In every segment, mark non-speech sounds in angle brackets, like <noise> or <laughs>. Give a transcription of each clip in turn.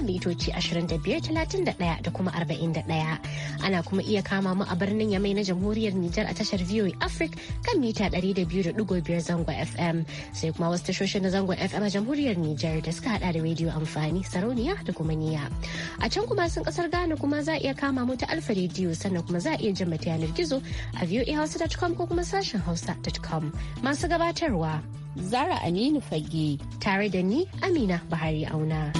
kan mitoci 2531 da kuma 41. Ana kuma iya kama mu a birnin Yamai na Jamhuriyar Nijar a tashar VOA Africa kan mita 200.5 zango FM. Sai kuma wasu tashoshin na zango FM a Jamhuriyar Nijar da suka hada da rediyo amfani sarauniya da kuma niya. A can kuma sun kasar Ghana kuma za a iya kama mu ta Alfa rediyo sannan kuma za a iya jama mata yanar gizo a voahausa.com ko kuma sashen hausa.com. Masu gabatarwa. Zara Aminu Fage tare da ni Amina Bahari Auna.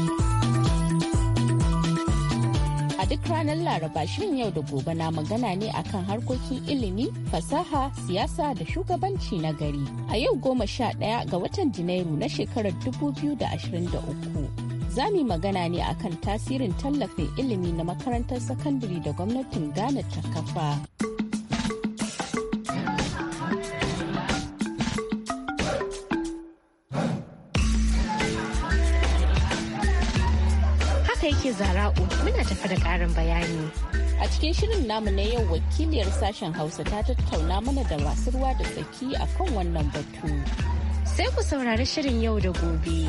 duk ranar Laraba shirin yau da gobe na magana ne akan harkokin ilimi, fasaha, siyasa da shugabanci na gari. A yau goma sha ɗaya ga watan Janairu na shekarar dubu biyu da ashirin 2023. za mu magana ne akan tasirin tallafin ilimi na makarantar sakandare da gwamnatin Ghana ta kafa. ce zara'u muna tafi da ƙarin bayani. A cikin shirin namu na yau wakiliyar sashen Hausa ta tattauna mana da masu ruwa da tsaki a kan wannan batu. Sai ku saurari shirin yau da gobe.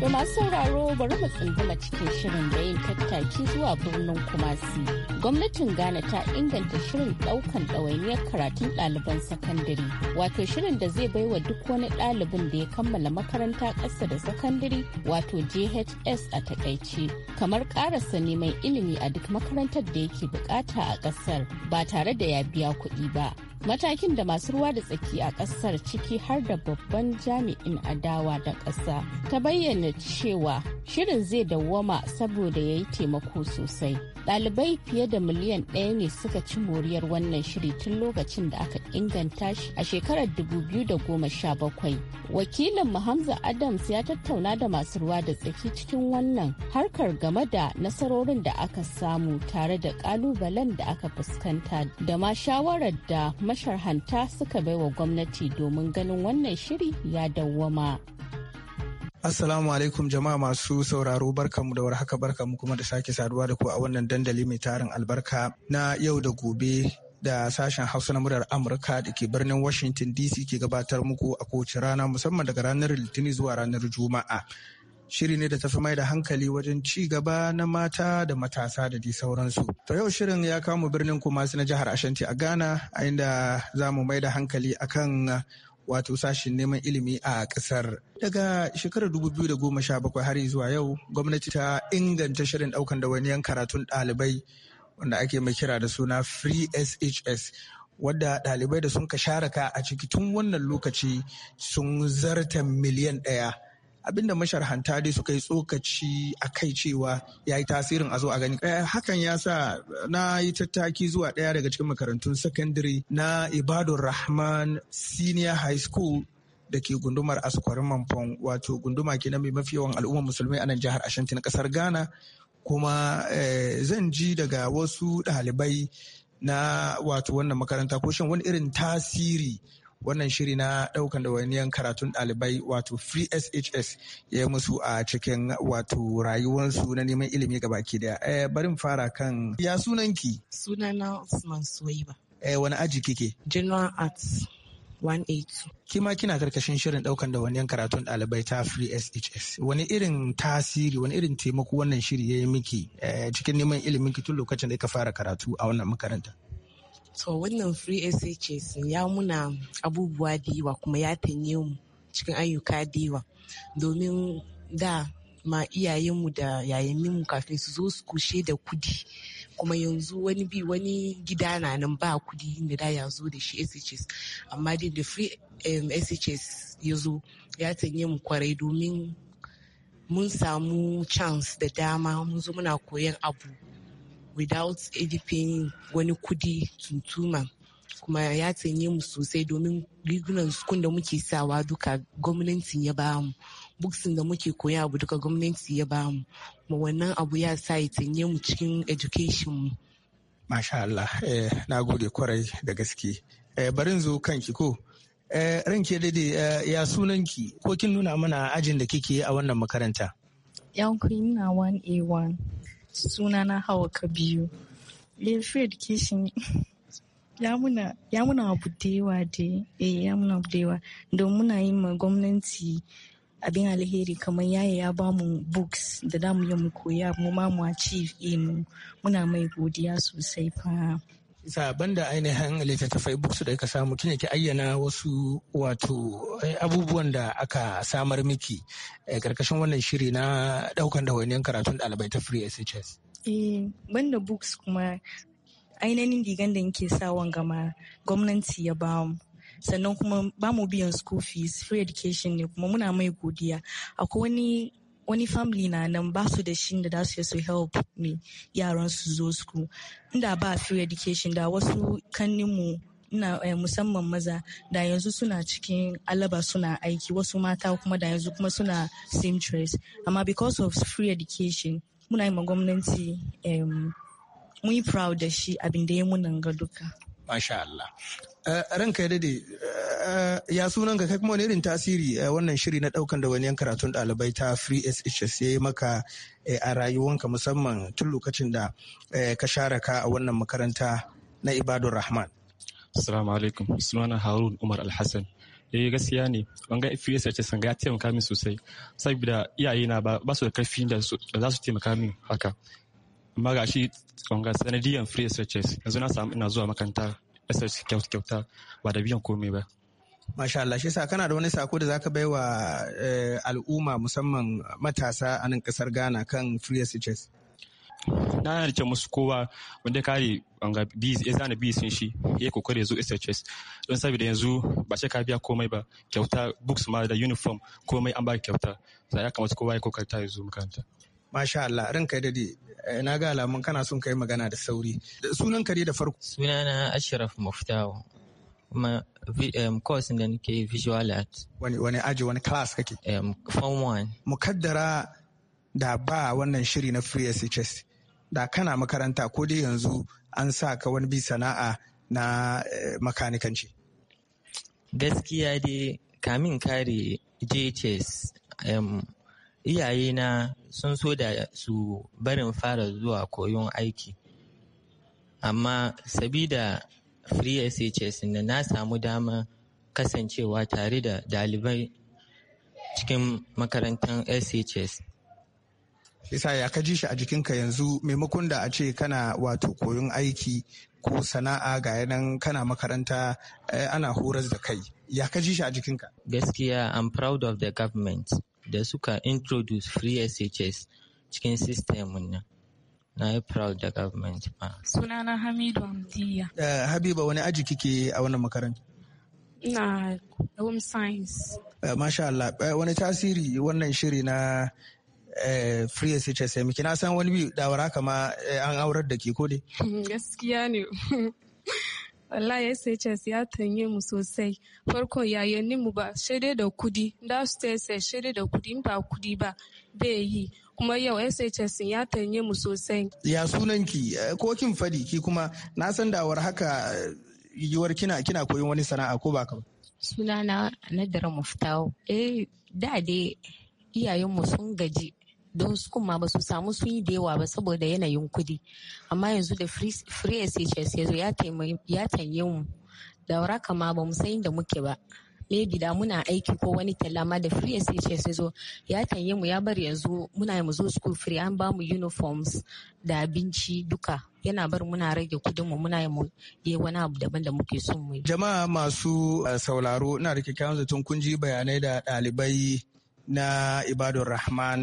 Da masu sauraro bari mu tsunduma cikin shirin da yin tattaki zuwa birnin Kumasi gwamnatin ghana ta inganta shirin daukan ɗawainiyar karatun ɗaliban sakandare wato shirin da zai baiwa duk wani ɗalibin da ya kammala makaranta ƙasa da sakandare wato jhs a takaice kamar ƙarasa neman ilimi a duk makarantar da yake bukata a ƙasar ba tare da ya biya kuɗi ba matakin da masu ruwa da tsaki a ƙasar ciki har da babban jami'in adawa da ƙasa ta bayyana cewa shirin zai dawwama saboda ya yi taimako sosai ɗalibai fiye da miliyan ɗaya ne suka ci moriyar wannan shiri tun lokacin da aka inganta shi a shekarar 2017 wakilin hamza adams ya tattauna da masu ruwa da tsaki cikin wannan harkar game da nasarorin da aka samu tare da kalubalen da aka fuskanta da ma shawarar da masharhanta suka baiwa gwamnati domin ganin wannan shiri ya dawwama. Assalamu alaikum jama'a masu sauraro barkamu da warhaka barkamu kuma da sake saduwa da ku a wannan dandali mai tarin albarka na yau da gobe da sashen hausa na murar amurka da ke birnin washington dc ke gabatar muku a kowace rana musamman daga ranar litinin zuwa ranar juma'a shiri ne da tafi mai da hankali wajen ci gaba na mata da matasa da dai sauransu. To yau shirin ya kama birnin Kumasi na jihar Ashanti a Ghana, a inda za mu mai da hankali akan wato sashin neman ilimi a kasar. Daga shekarar sha 2017 har zuwa yau gwamnati ta inganta shirin daukan yan karatun ɗalibai wanda ake mai kira da suna Free SHS wadda ɗalibai da sun ka sharaka a ciki tun wannan lokaci sun zarta miliyan ɗaya. abinda masharhanta dai suka yi tsokaci a kai cewa ya yi tasirin a zo a gani eh, hakan ya sa na yi tattaki zuwa ɗaya daga cikin makarantun sakandare na Ibadan rahman senior high school da ke gundumar Asukwarin manfon wato gunduma ke na mai mafi yawan al'ummar musulmai a nan jihar ashanti na kasar ghana kuma eh, zan ji daga wasu ɗalibai na wato wannan makaranta ko shan wani irin tasiri wannan shiri na daukan wani karatun dalibai, wato free shs ya yi musu a cikin wato rayuwarsu na neman ilimi ga baki daya eh, barin fara kan ya sunanki sunana usman suwaiba eh, wani aji kike general arts 182. Kima kina karkashin shirin daukan da wani karatun dalibai ta Free SHS. Wani irin tasiri, wani irin taimako wannan shiri ya yi miki eh, cikin neman ilimin ki tun lokacin da ka fara karatu a wannan makaranta? To wannan free SHS ya muna abubuwa da yawa kuma ya tanye mu cikin ayyuka da yawa domin da ma iyayenmu da yayanninmu kafin su zo su kushe da kudi kuma yanzu wani bi wani gida na nan ba kudi inda da ya zo da shi SHS amma dai da free SHS ya zo ya tanye mu kwarai domin mun samu chance da dama mun zo muna koyan abu without edifin wani kudi tuntuma kuma ya tsanye mu sosai domin rigunan sukun da muke sawa duka gwamnati ya bamu buksin da muke koya abu duka gwamnati ya bamu kuma wannan abu ya sa ya tsanye mu cikin education mu Masha Allah, eh, na gode kwarai da gaske. Eh, barin zo kanki ko, eh, ranke daidai eh, ya sunanki ko kin nuna mana ajin da kike a wannan makaranta? na 1A1. sunana hawa ka biyu eh, free kishin <laughs> ya muna abu da yawa da eh, ya muna abu da yawa don muna yi ma gwamnati abin alheri kamar yaya ya ba mu books da damu yi mu koya mu ma mu achieve eh, mu muna mai godiya sosai fa zaben da ainihin littattafai books da ka samu kina ki ayyana wasu wato eh, abubuwan da aka samar miki karkashin eh, wannan shiri na daukan dawainiyar karatun dalibai ta free shs eh banda books kuma ainihin digan da nke sawon gama gwamnati ya ba mu sannan kuma ba mu biyan school fees free education ne kuma muna mai godiya akwai wani wani family na nan ba su da shi da su su help me yaran su zo school inda ba free education da wasu kaninmu na eh, musamman maza da yanzu suna cikin alaba suna aiki wasu mata kuma da yanzu kuma suna seamstress amma because of free education muna yi ma gwamnati mun muyi proud da shi abin da ya muna ga duka Masha Allah. Eh, ranka ya dade eh, ya sunan ka kai kuma wani irin tasiri eh, wannan shiri na daukan da wani karatun ɗalibai ta free shs ya yi maka a rayuwanka musamman tun lokacin da ka share ka a wannan makaranta na ibadun rahman assalamu alaikum sunana harun umar alhassan eh gaskiya ne wanga free shs ga ya taimaka min sosai saboda iyaye na ba su da karfi da za su taimaka min haka amma ga shi wanga sanadiyan free shs yanzu na samu ina zuwa makaranta ƙasar su kyauta ba da biyan komai ba. Masha Allah shi sa kana da wani sako da zaka bai wa eh, al'umma musamman matasa a nan ƙasar Ghana kan free SHS. Na da musu kowa wanda kare ga ya zana bi sun shi ya kokare zo SHS don saboda yanzu ba sai ka biya komai ba kyauta books ma da uniform komai an ba kyauta sai ya kamata kowa ya kokarta ya zo makaranta. Masha Allah, ranka kai dade, eh, na ga alamun kana son kai magana da sauri. Sunan kare da farko. Sunana Ashraf Muftawo. Kuma um, course da nake visual art. Wani wani aji wani class kake? Um, form one. Mukaddara da ba wannan shiri na free SHS. Da kana makaranta ko dai yanzu an sa ka wani bi sana'a na eh, makanikanci. Gaskiya dai kamin kare JHS um, iyayena sun so da su barin fara zuwa koyon aiki amma sabida free shs na na samu dama kasancewa tare da dalibai cikin makarantar shs isa ya ka ji shi a jikinka yanzu maimakon da a ce kana wato koyon aiki ko sana'a ga yanan kana makaranta eh, ana horar da kai ya ka ji shi a jikinka gaskiya i'm proud of the government da suka introduce free SHS cikin system nan. Na yi proud da government ma. Sunana Hamidu Amdiya. Uh, Habiba wani aji kike a wannan makaranta? Ina home science. Uh, Masha Allah, uh, wani tasiri wannan shiri na free SHS ya miki na san wani biyu dawara kama an aurar da ke ko dai? <laughs> Gaskiya ne. <laughs> sai SHS ya tanye mu sosai farko yayannin mu ba shaidai da kudi da su ta sai shaidai da kudi ba kudi ba bai yi kuma yau SHS ya tanye mu sosai ya sunan ki eh, ko kin fadi ki kuma na san da war haka eh, yiwuwar kina kina koyon wani sana'a ko ba ka sunana Nadara Muftawo eh da dai iyayenmu sun gaji don sukun ma ba su samu sun yi da yawa ba saboda yanayin kudi amma yanzu da free SHS ya zo ya tanye mu da waraka ma ba san inda muke ba Me gida muna aiki ko wani talla ma da free SHS ya zo ya tanye mu ya bar yanzu muna mu zo school free an ba mu uniforms da abinci duka yana bar muna rage kudin mu muna yi yi wani abu daban da muke son mu jama'a masu eh, sauraro na da kyakkyawan zaton kun ji bayanai da ɗalibai na ibadun rahman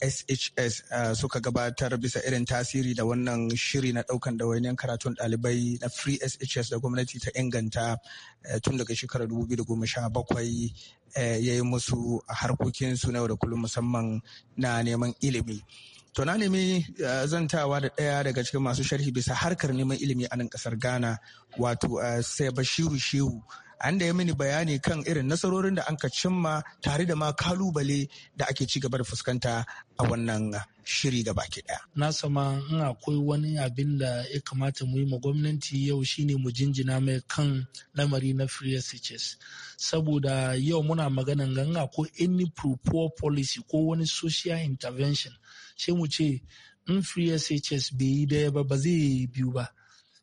shs uh, suka gabatar bisa irin tasiri da wannan shiri na daukan wani karatun ɗalibai na free shs da gwamnati ta inganta uh, tun daga shekarar 2017 uh, ya yi musu harkokinsu na yau da kullum musamman na neman ilimi To na nemi zantawa da ɗaya daga cikin masu sharhi bisa harkar neman ilimi a nan ƙasar Ghana wato sai Bashiru Shehu an da ya mini bayani kan irin nasarorin da anka cimma tare da ma kalubale da ake ci gaba da fuskanta a wannan shiri gaba baki daya. Na sama in akwai wani abin da ya kamata mu yi ma gwamnati yau shine mu jinjina mai kan lamari na free SHS. Saboda yau muna maganan ganga ko any proper policy ko wani social intervention sai mu ce in free SHS bai yi daya ba ba zai yi biyu ba.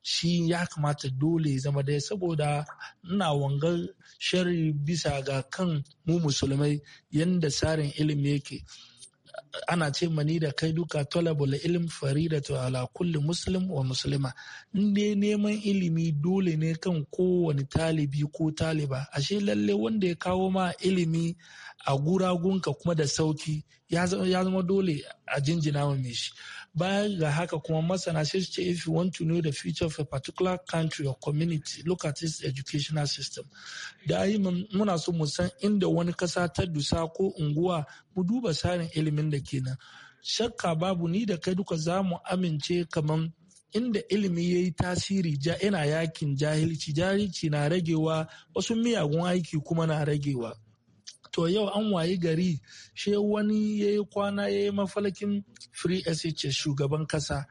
shi ya kamata dole ya zama daya saboda ina wangar shari bisa ga kan mu musulmai yadda tsarin ilimi yake ana ce mani da kai duka talabul ilm faridatu ala kulli muslim wa muslima in neman ilimi dole ne kan kowane talibi ko taliba ashe lalle wanda ya kawo ma ilimi a guragunka kuma da sauki ya zama dole a jinjina mai shi Baya ga haka kuma masana sai su ce if you want to know the future of a particular country or community look at its educational system. Da ayi muna so mu san inda wani kasa ta dusa ko unguwa mu duba tsarin ilimin da kenan. Shakka babu ni da kai duka za mu amince kaman inda ilimi ya yi tasiri yana yakin jahilci jahilci na ragewa wasu miyagun aiki kuma na ragewa to yau an wayi gari shi wani ya yi kwana ya yi mafalakin free sh shugaban kasa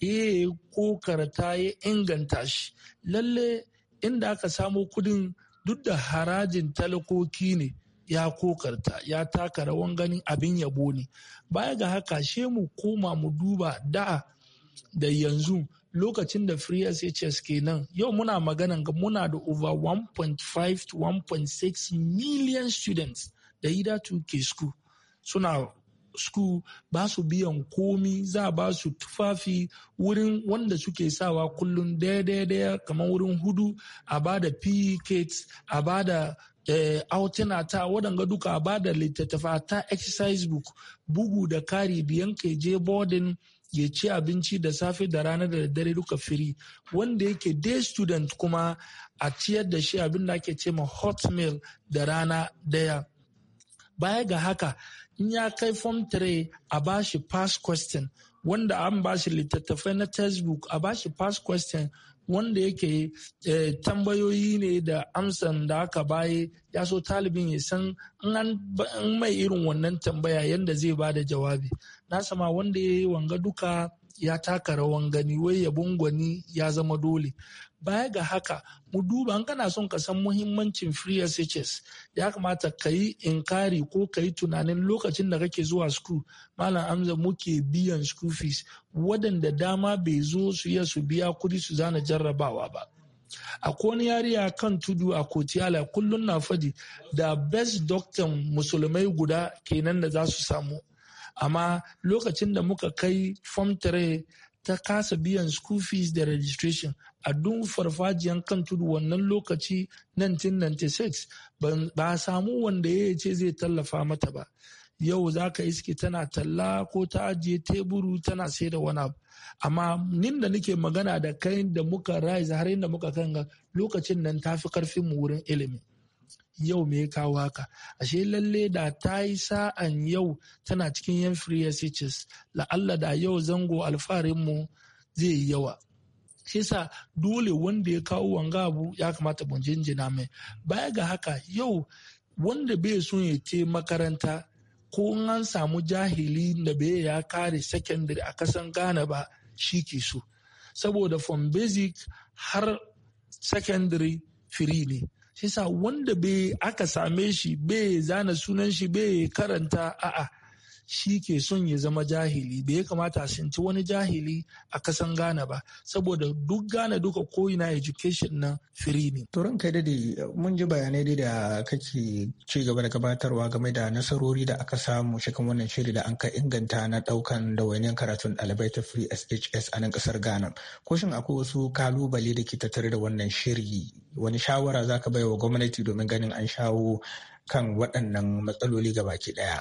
ya yi kokarta ya inganta shi lalle inda aka samo kudin duk da harajin talakoki ne ya kokarta ya taka rawan ganin abin yabo ne baya ga haka shemu mu koma mu duba da da yanzu lokacin da free SHS kenan yau muna magana ga muna da over 1.5 to 1.6 million students da ida ke school suna school ba su biyan komi za ba su tufafi wurin wanda suke sawa kullum daya-daya kamar wurin hudu a ba da kits a ba da eh, ta waɗanga duka a ba da littattafa ta exercise book bugu da kari biyan ke je boarding ya ci abinci da safe da rana da dare duka firi wanda yake day student kuma a ciyar da shi abin da ake ce ma hot meal da rana daya baya ga haka in ya kai form 3 a bashi pass question wanda an bashi littattafai na textbook a bashi pass question wanda yake eh, tambayoyi ne da amsan da aka baye ya so talibin ya san in mai irin wannan tambaya yadda zai ba da jawabi nasama ma wanda ya yi wanga duka ya taka rawan gani wai ya gwani ya zama dole baya ga haka mu duba an kana son ka san muhimmancin free SHS ya kamata ka yi inkari ko ka yi tunanin lokacin da kake zuwa school malam amza muke biyan school fees waɗanda dama bai zo su iya su biya kudi su zana jarrabawa ba a wani yariya kan tudu a kotiyala kullum na fadi da best doctor musulmai guda kenan da za su samu amma lokacin da muka kai form 3 ta kasa biyan school fees da registration a dun farfajiyan kan tudu wannan lokaci 1996 ba a samu wanda ya ce zai tallafa mata ba yau za ka iske tana talla ko ta ajiye teburu tana sai da wani abu amma nin da nake magana da kai da muka rise har inda muka kanga lokacin nan ta fi karfin mu wurin ilimi yau me ya kawo haka ashe lalle da ta yi sa'an yau tana cikin yan free SHS la'alla da yau zango alfaharin mu zai yi yawa shi sa dole wanda ya kawo wanga abu ya kamata mu jinjina mai baya ga haka yau wanda bai son ya ce makaranta ko an samu jahili da bai ya kare secondary a kasan Ghana ba shi ke so saboda from basic har secondary free ne shi sa wanda bai aka same shi bai zana sunan shi bai karanta a'a shi ke son ya zama jahili bai kamata a sinci wani jahili a kasan Ghana ba saboda duk Ghana duka ko'ina education na free ne. turin kai dade mun ji bayanai dai da kake ci gaba da gabatarwa game da nasarori da aka samu cikin wannan shiri da an ka inganta na daukan dawainiyar karatun ɗalibai ta free SHS a nan kasar Ghana. Ko shin akwai wasu kalubale da ke tattare da wannan shiri wani shawara za ka bai wa gwamnati domin ganin an shawo kan waɗannan matsaloli gabaki ɗaya.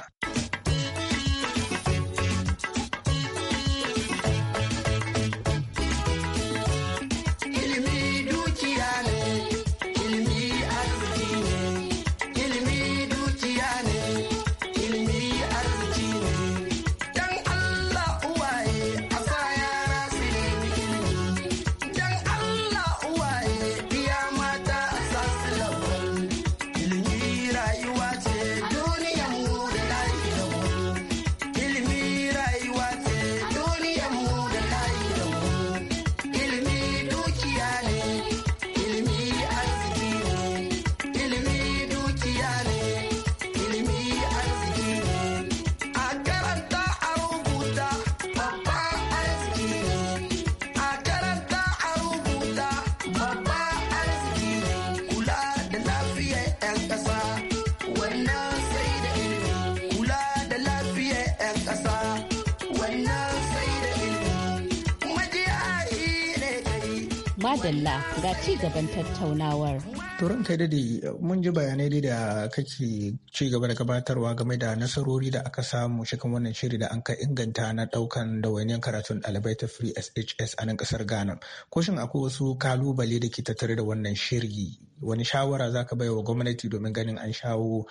dalla ga ci gaban tattaunawar. Turan kai dadi mun ji bayanai dai da kake ci gaba da gabatarwa game da nasarori da aka samu cikin wannan shiri da an ka inganta na daukan dawainiyar karatun ɗalibai ta Free SHS a nan kasar Ghana. Ko shin akwai wasu kalubale da ke tattare da wannan shiri? Wani shawara za ka bai wa gwamnati domin ganin an shawo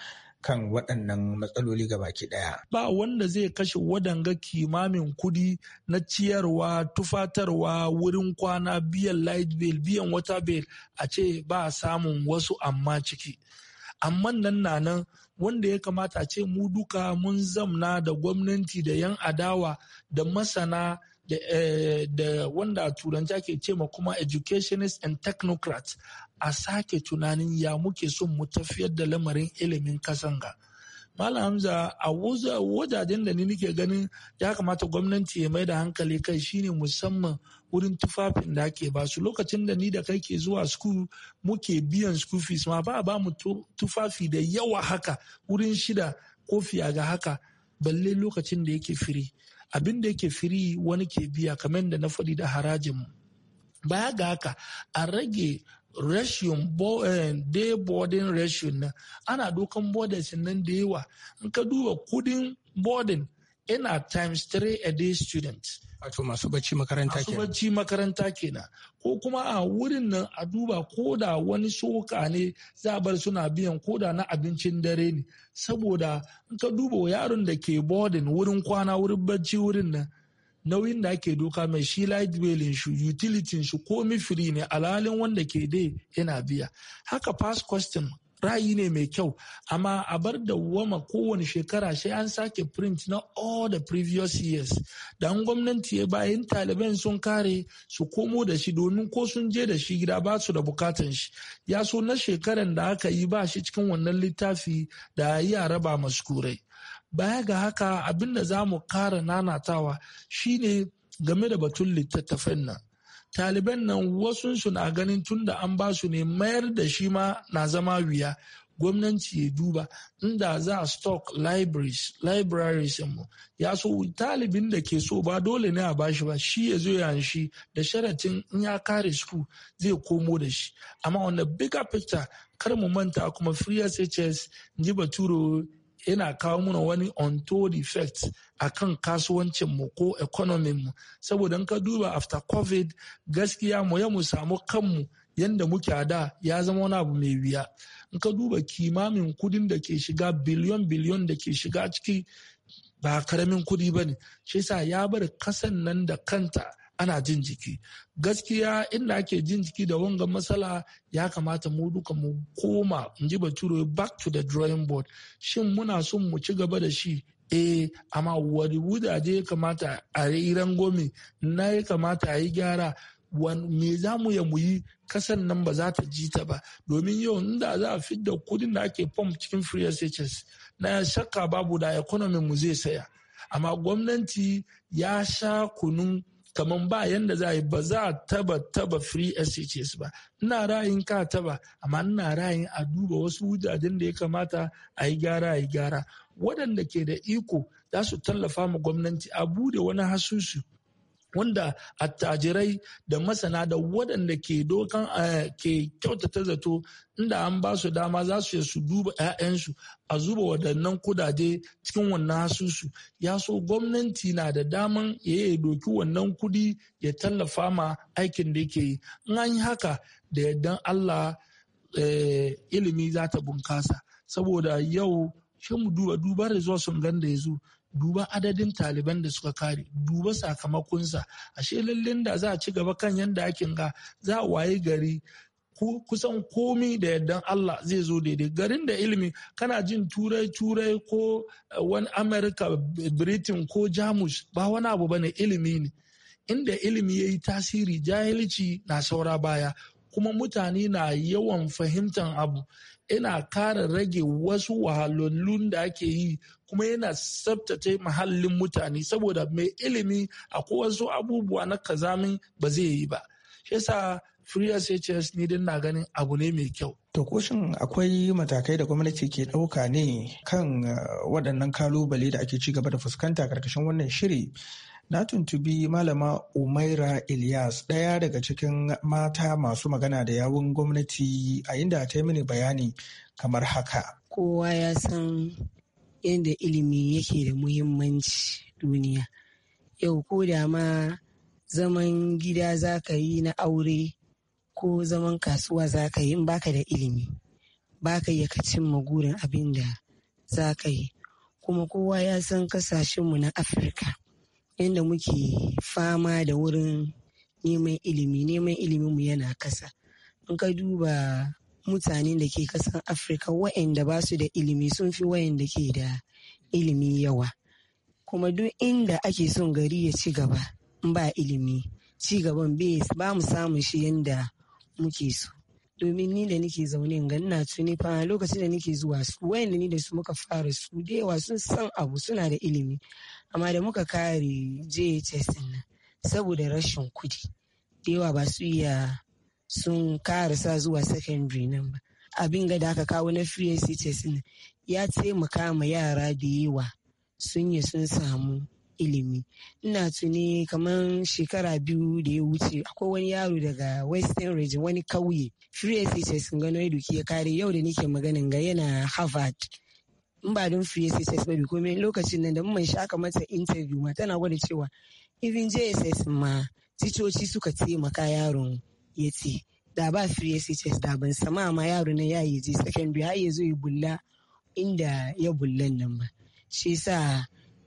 kan waɗannan matsaloli gabaki ɗaya. Ba wanda zai kashe wadanga kimamin kudi na ciyarwa, tufatarwa, wurin kwana, biyan light bill, biyan water bill a ce ba samun wasu amma ciki. amma nan na nan wanda ya kamata ce mu duka mun zamna da gwamnati da 'yan adawa da masana Eh, da wanda turanci ake ce ma kuma educationist and technocrats a sake tunanin ya muke son mu tafiyar da lamarin ilimin kasan ga. Malam Hamza a wajajen da ni nike ganin ya kamata gwamnati ya mai da hankali kai shine musamman wurin tufafin da ake ba su lokacin da ni da kai ke zuwa school muke biyan school fees ma ba ba mu tufafi da yawa haka wurin shida ko fiya ga haka balle lokacin da yake firi abin da yake firi wani ke biya kamar da na faɗi da harajin baya ga haka a rage rashin eh, day boarding ratio nan ana dokan boarding nan da yawa in ka duba kudin boarding ina times three a day student wato masu bacci makaranta kenan masu bacci makaranta kenan ko kuma a wurin nan a duba ko da wani soka ne za a bar suna biyan ko da na abincin dare ne saboda in ka duba yaron da ke boarding wurin kwana wurin bacci wurin nan nauyin da ake doka mai shi light belin shi utility shi komi free ne alhalin wanda ke dai yana biya haka past custom ra'ayi ne mai kyau amma a bar da wama kowane shekara sai an sake print na all the previous years dan gwamnati ya bayan taliban sun kare su komo da shi domin ko sun je da shi gida ba su da bukatan shi ya so na shekaran da aka yi ba shi cikin wannan littafi da ya raba maskurai baya ga haka abin da za mu kara nanatawa shine game da batun littattafan nan taliban nan su na ganin tun da an ba su ne mayar da shi ma na zama wuya gwamnati ya duba inda za a stock libraries libraries mu ya so talibin da ke so ba dole ne a bashi ba shi ya zo ya shi da sharatin in ya kare su zai komo da shi amma wanda bigger picture kar mu manta kuma free SHS ji baturo yana kawo mana wani untold effect a kan kasuwancinmu ko mu saboda ka duba after covid gaskiya mu ya mu samu kanmu yadda muke a da ya zama wani abu mai wuya in ka duba kimamin kudin da ke shiga biliyon biliyon da ke shiga ciki ba karamin kudi ba ne shi ya bar kasan nan da kanta ana jin jiki gaskiya inda ake jin jiki da wanga matsala ya kamata mu duka mu koma in ji bature back to the drawing board shin muna son mu ci gaba da shi eh amma wani wudaje ya kamata a iran gomi na ya kamata a yi gyara me za mu ya muyi kasan nan ba za ta ji ta ba domin yau inda za a fidda kudin da ake pump cikin free SHS na shakka babu da economy mu zai saya amma gwamnati ya sha kunun kamar ba yanda za yi ba za taba taba free SHS ba ina ra'ayin ka taba amma ina rayin a duba wasu wujajen da ya kamata a yi gara a yi gara waɗanda ke da iko za su tallafa ma gwamnati a bude wani hasusu wanda attajirai da masana da waɗanda ke dokan eh, ke kyautata zato inda an ba su dama za su su duba 'ya'yansu a zuba waɗannan kudaje cikin wannan hasusu ya so gwamnati na da daman ya yi doki wannan kudi ya tallafa ma aikin da ke yi in an yi haka da yardan allah eh, ilimi za ta bunkasa saboda yau shi mu duba duba resource ganda ya zo duba adadin taliban da suka kare duba sakamakonsa ashe lallin da za a ci gaba kan yadda ake ga za a waye gari kusan komi da yardan Allah zai zo daidai garin da ilimi kana jin turai turai ko eh, wani amerika britain ko jamus ba wani abu bane ilimi ne inda ilimi ya yi tasiri jahilci na saura baya kuma mutane na yawan fahimtar abu Ina kara rage wasu wahalolun da ake yi kuma yana tsabtace muhallin mutane saboda mai ilimi a wasu abubuwa na kazamin ba zai yi ba shi yasa free SHS ni din na ganin abu ne mai kyau To ko akwai matakai da gwamnati ke ɗauka ne kan eh, waɗannan kalubale da ake ci gaba da fuskanta karkashin wannan shiri na tuntubi malama umaira ilyas ɗaya daga cikin mata masu magana da yawun gwamnati a inda ta yi mini bayani kamar haka kowa ya san yadda ilimi yake da muhimmanci duniya yau ko da ma zaman gida za ka yi na aure ko zaman kasuwa za ka yi in baka da ilimi baka iya ka cimma gurin abin da za ka yi kuma kowa ya san kasashenmu na afirka yadda muke fama da wurin neman ilimi neman mu yana kasa in ka duba mutanen da ke kasan afirka wa'anda ba su da ilimi sun fi wa'anda ke da ilimi yawa kuma duk inda ake son gari ya ci gaba ba ilimi ci gaban ba mu samun shi yadda muke so domin ni da nike zaune ga ina tuni fa lokacin da nake zuwa su wayanda ni da su muka fara su da yawa sun san abu suna da ilimi amma da muka kare JHS nan saboda rashin kudi da yawa ba su iya sun kare sa zuwa secondary nan ba abin ga da aka kawo na free SHS nan ya taimaka ma yara da yawa sun yi sun samu ilimi ina tuni kamar shekara biyu da ya wuce akwai wani yaro daga western region wani kauye free sss gano ya duki ya kare yau da nike maganin ga yana harvard in ba don free sss ba komai lokacin nan da mun shaka mata interview ma tana gwada cewa even jss ma ticoci suka taimaka yaron ya ce da ba free sss da ban sama ma yaro na ya yi je secondary har ya zo ya bulla inda ya bullan nan ba shi sa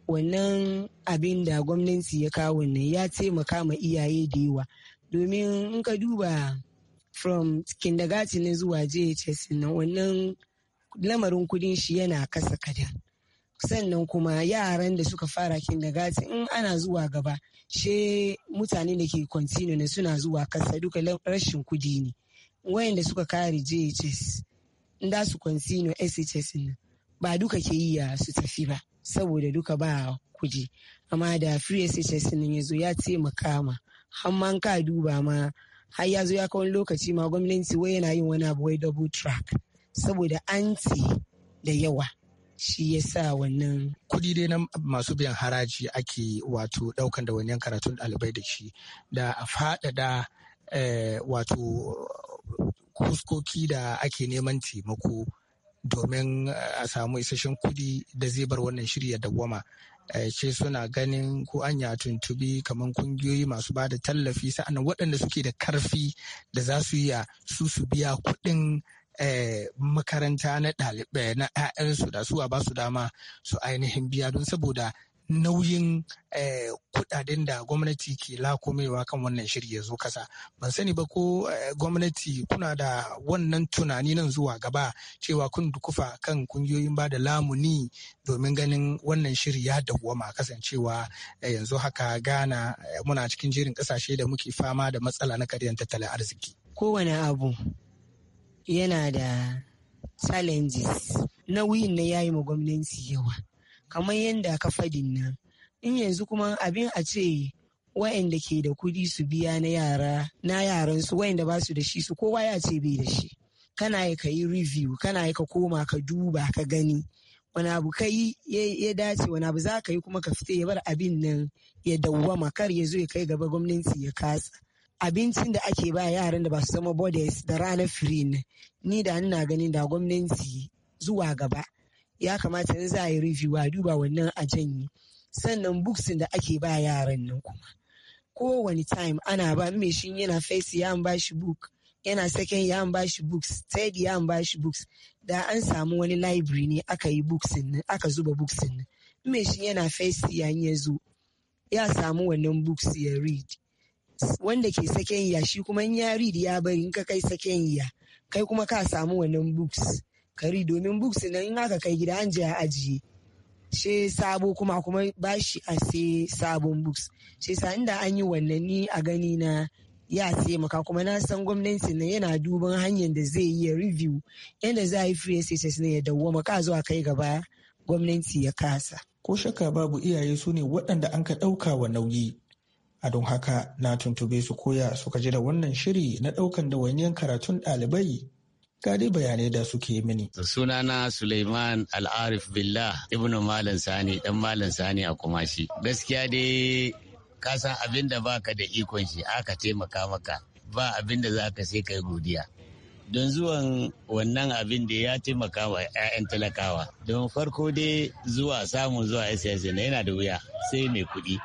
wannan abin da gwamnati ya kawo nan ya taimaka ma iyaye da yawa domin in ka duba from kindergarten na zuwa jhs nan wannan lamarin kudin shi yana kasa kada sannan kuma yaran da suka fara kindergarten in ana zuwa gaba she mutane da ke continue na suna zuwa kasa duka rashin kudi ne wayanda suka kare jhs da su continue shs ba duka ke yi su tafi ba saboda duka ba kuji amma da free SHS nan ya zo ya taimaka ma har man ka duba ma har ya zo ya kawo lokaci ma gwamnati wai yana yin wani abu wai double track saboda anti da yawa shi ya sa wannan kudi dai na masu biyan haraji ake wato daukan da wani karatun ɗalibai da shi da a faɗaɗa eh, wato kuskoki da ake neman taimako domin eh, a samu isasshen kuɗi da zai bar wannan shiri ya dawwama ce eh, suna ganin ko anya tuntubi kamar kungiyoyi masu ba da tallafi sa'annan waɗanda suke da karfi da za su iya su su biya kuɗin eh, makaranta na ɗalibai na 'ya'yansu da suwa ba su dama su ainihin biya don saboda nauyin eh, kudaden da gwamnati ke lakomewa kan wannan shiri ya zo kasa ban sani ba ko eh, gwamnati kuna da wannan tunani nan zuwa gaba cewa kun dukufa kan kungiyoyin ba da lamuni domin ganin wannan shiri ya dawwama kasancewa eh, yanzu haka gana muna cikin jerin kasashe da muke fama da matsala na karyan tattalin arziki kowane abu yana da challenges nauyin na yayi ma gwamnati yawa kamar yadda ka fadin nan in yanzu kuma abin a ce wa'anda ke da kuɗi su biya na yara na yaran su wa'anda ba su da shi su kowa ya ce bai da shi kana yi ka yi review kana yi ka koma ka duba ka gani wani abu ka yi ya dace wani abu za ka yi kuma ka fita ya bar abin nan ya dawwama kar ya zo ya kai gaba gwamnati ya kasa abincin da ake ba yaran da ba su zama bodies da ranar free ni da ina ganin da gwamnati zuwa gaba ya kamata in za a yi review a duba wannan a janye sannan books da ake ba yaran nan kuma kowane time ana ba mai shi yana face ya an bashi book yana second ya an bashi books third ya an bashi books da an samu wani library ne aka yi books nan aka zuba books nan mai shi yana face ya ya zo ya samu wannan books ya read wanda ke second ya shi kuma in ya read ya bari in ka kai second ya kai kuma ka samu wannan books kari domin books nan in aka kai gida an je a ajiye she sabo kuma kuma ba shi a sai sabon books she sa inda an yi wannan ni a gani na ya taimaka kuma na san gwamnati na yana duban hanyar da zai yi review yadda za a yi free access ne ya dawwama ka zuwa kai gaba gwamnati ya kasa ko shakka babu iyaye su ne waɗanda an ka ɗauka wa nauyi a don haka na tuntube su koya suka ji da wannan shiri na ɗaukan da karatun ɗalibai ga dai bayanai da suke mini. Sunana Suleiman Al'arif Billah Ibn Malam Sani dan Malam Sani a Kumashi. Gaskiya dai ka san abin da baka da ikon shi aka taimaka maka ba abin da zaka sai kai godiya. Don zuwan wannan abin da ya taimaka wa 'ya'yan talakawa. Don farko dai zuwa samun zuwa SS yana da wuya sai mai kuɗi.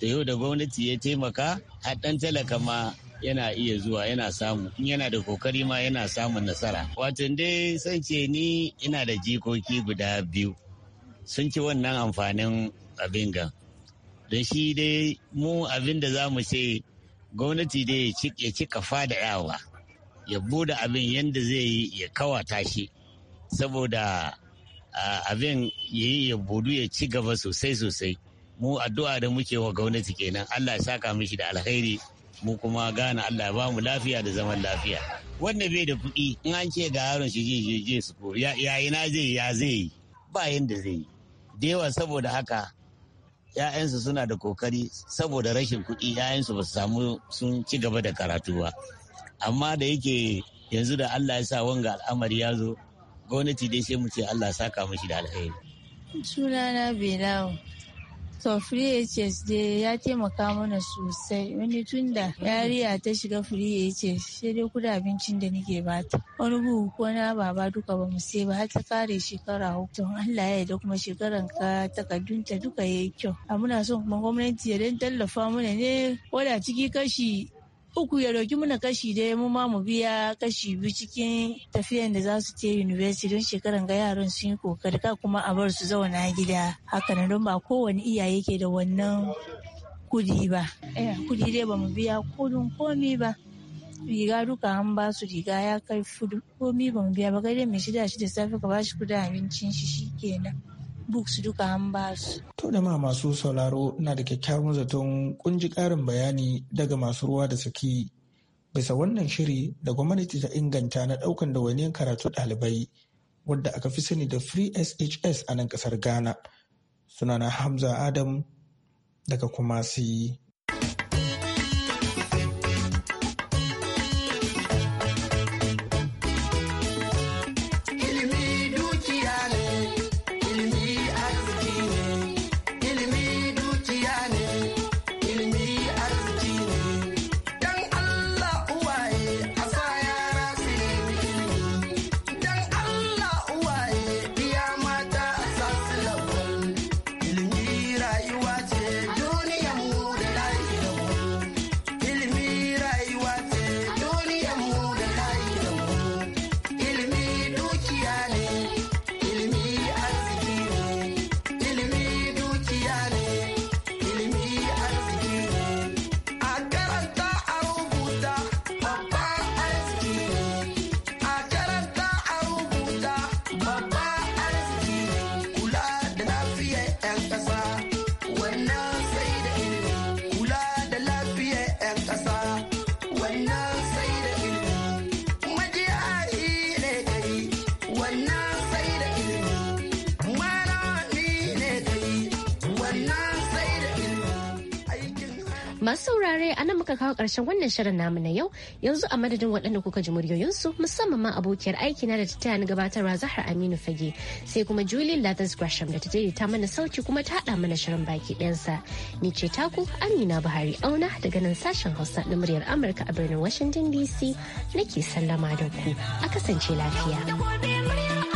Da yau da gwamnati ya taimaka, haɗan talaka ma yana iya zuwa yana samu in yana da kokari ma yana samun nasara watan dai san ce ni ina da jikoki guda biyu sun ci wannan amfanin abin gan da shi dai mu abin da za mu ce gwamnati dai ya ci kafa da yawa ya bude abin yadda zai yi ya kawata shi saboda abin ya yi ya budu ya ci gaba sosai sosai mu addu'a da muke wa gwamnati kenan Allah ya saka mishi da alkhairi mu kuma gane Allah ya ba mu lafiya da zaman lafiya wanda bai da kuɗi in an ce ga yaron shi je je je su ko ya ina zai ya zai ba yanda zai yi da yawa saboda haka ‘ya'yansu suna da kokari saboda rashin kuɗi ‘ya'yansu ba su samu sun ci gaba da karatu ba amma da yake yanzu da Allah ya sa wanga al'amari ya zo gwamnati dai sai mu ce Allah saka mashi da alheri sunana Belawo To free HS dai ya taimaka mana sosai wani tunda yariya ta shiga free HS sai dai kuda abincin da nake bata. Wani buhu ko na baba duka ba musai sai ba har ta kare shekara uku. Don Allah ya yarda kuma shekaran ka takardunta duka yayi kyau. A muna son kuma gwamnati ya dan tallafa mana ne ko da ciki kashi uku ya roki muna kashi da mu ma mu biya kashi biyu cikin tafiyan da za su je university don shekaran ga yaran sun yi kokari ka kuma a bar su zauna gida haka na don ba kowane iyaye ke da wannan kudi ba eh. kudi dai ba mu biya kudin komi ba riga duka an ba su riga ya kai fudu komi ba mu biya ba kai dai mai shida shi da safe ka ba shi kudin abincin shi shikenan books duka an ba su. To da ma masu sauraro na da kyakkyawan zaton kunji karin bayani daga masu ruwa da saki. Bisa wannan shiri da gwamnati ta inganta na ɗaukan dawainiyar karatu ɗalibai wadda aka fi sani da Free SHS a nan ƙasar Ghana. Sunana Hamza Adam daga Kumasi. Masu saurare a nan muka kawo ƙarshen wannan shirin namu na yau yanzu a madadin waɗanda kuka ji muryoyinsu musamman ma abokiyar aiki na da ta taya ni gabatarwa zahar Aminu Fage sai kuma Julie Lathers Gresham da ta ta mana sauki kuma ta haɗa mana shirin baki ɗayansa. Ni ce taku Amina Buhari Auna daga nan sashen Hausa na muryar Amurka a birnin Washington DC nake sallama da ku a kasance lafiya.